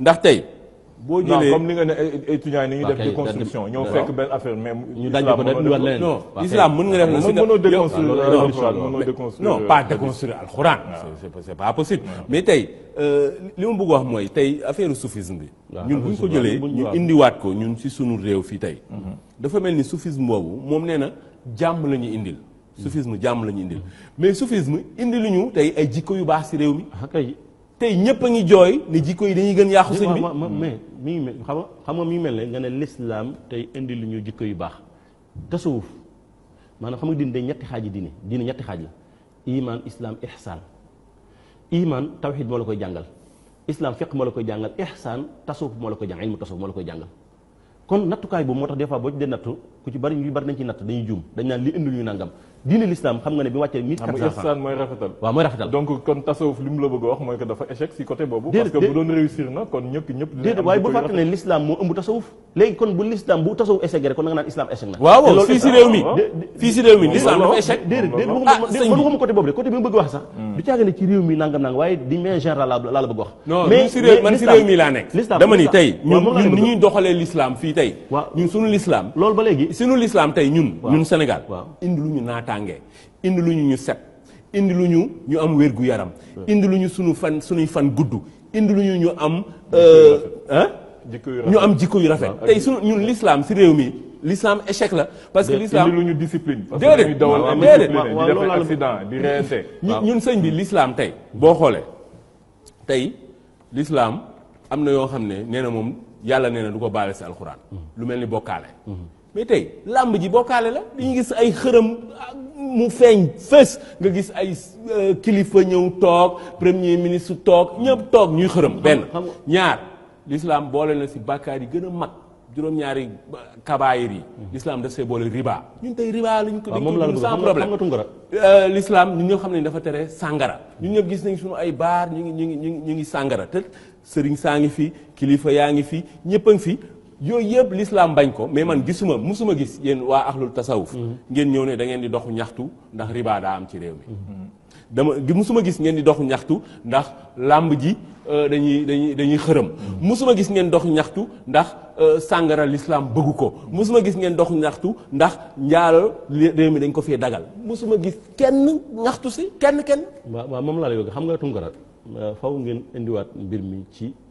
ndax tay bo jëlee comme ni nga ne étudiants ni ñu def déconstruction ñoo fekk ben affaire mais. ñu daj ko dañu war leen non islam mën nga def la si déconstruire mënoo non pas déconstruire alcorane c'est pas possible mais tey euh, li ma bëgg wax moy tay affaire soufisme bi ñun buñ ko jëlé ñu indi indiwaat ko ñun ci sunu réew fi tay mm-hmm. dafa melni soufisme boobu mom nee jamm lañu indil mm-hmm. soufisme jamm lañu indil mais soufisme indi luñu tay ay jikko yu baax ci réew mi ah, tey ñëpp a ngi jooy ne jikko yi dañuy gën yàqu sëñ bi mais mi ngi mel xam nga xam nga mi mel ne nga ne lislaam tey indi lu ñu jikko yu baax tasawuf maanaam xam nga diine day ñetti xaaji diine diine ñetti xaaj la iman islam ihsaan iman tawxid moo la koy jàngal islam fiq moo la koy jàngal ihsaan tasawuf moo la koy jàngal ilmu tasawuf moo la koy jàngal kon nattukaay boobu moo tax des boo ci dee nattu ku ci bari ñu bari nañ ci natt dañu juum dañ naan li indi lu ñu nangam diine l'islam xam nga ne bi mu la bëgg a laa nekk dama fii tey ñun sunu l'islam loolu ba léegi sunu l'islam tey ñun ñun Sénégal indilu ñu naataan naataange indi lu ñu ñu set indi lu ñu ñu am wér gu yaram. Hmm. indi lu ñu sunu fan sunuy fan gudd indi lu ñu ñu am. Euh, ñu am jikko yu rafet ah, tey sunu ñun l'islam si réew mi. l'islam échec la parce que l'islam lu ñu discipline déedéet déedéet def accident di reete ñun sëñ bi l'islam tey boo xoolee tey l'islam am na yoo xam ne nee na moom yàlla nee na du ko baale si alxuraan hmm. lu mel ni bokkaale hmm. mais tey làmb ji bokkaale la ñu gis ay xërëm ah, mu feeñ fës nga gis ay euh, kilifa ñëw toog premier ministre toog ñëpp toog ñuy xërëm benn ñaar l'islam boole na si bàkkaar yi gën a mag juróom-ñaari kabaayir yi mm-hmm. l'islam daf see boole riba ñun tey riba lañ ko dégg sans problème euh, lislaam ñun ñoo xam ne dafa tere sàngara ñu ñëpp gis nañ suñu ay baar ñu ngi ñu ngi ñu ngi sàngara te sëriñ saa ngi fi kilifa yaa ngi fi ñëpp a ngi fi yooyu yëpp lislaam bañ ko mais man gisuma musuma gis yéen waa axlul tasawuf mm-hmm. ngeen ñëw ne da ngeen di doxu ñaxtu ndax riba daa am ci réew mi mm-hmm. dama musuma gis ngeen di doxu ñaxtu ndax làmb ji euh, dañuy dañuy dañuy xërëm mm-hmm. musuma gis ngeen doxu ñaxtu ndax euh, sàngara lislaam bëggu ko musuma gis ngeen doxu ñaxtu ndax njaalo réew mi dañ ko fee dagal musuma gis kenn ñaxtu si kenn kenn waaw moom laa la yooga xam nga tunkara euh, faw ngeen indiwaat mbir mi ci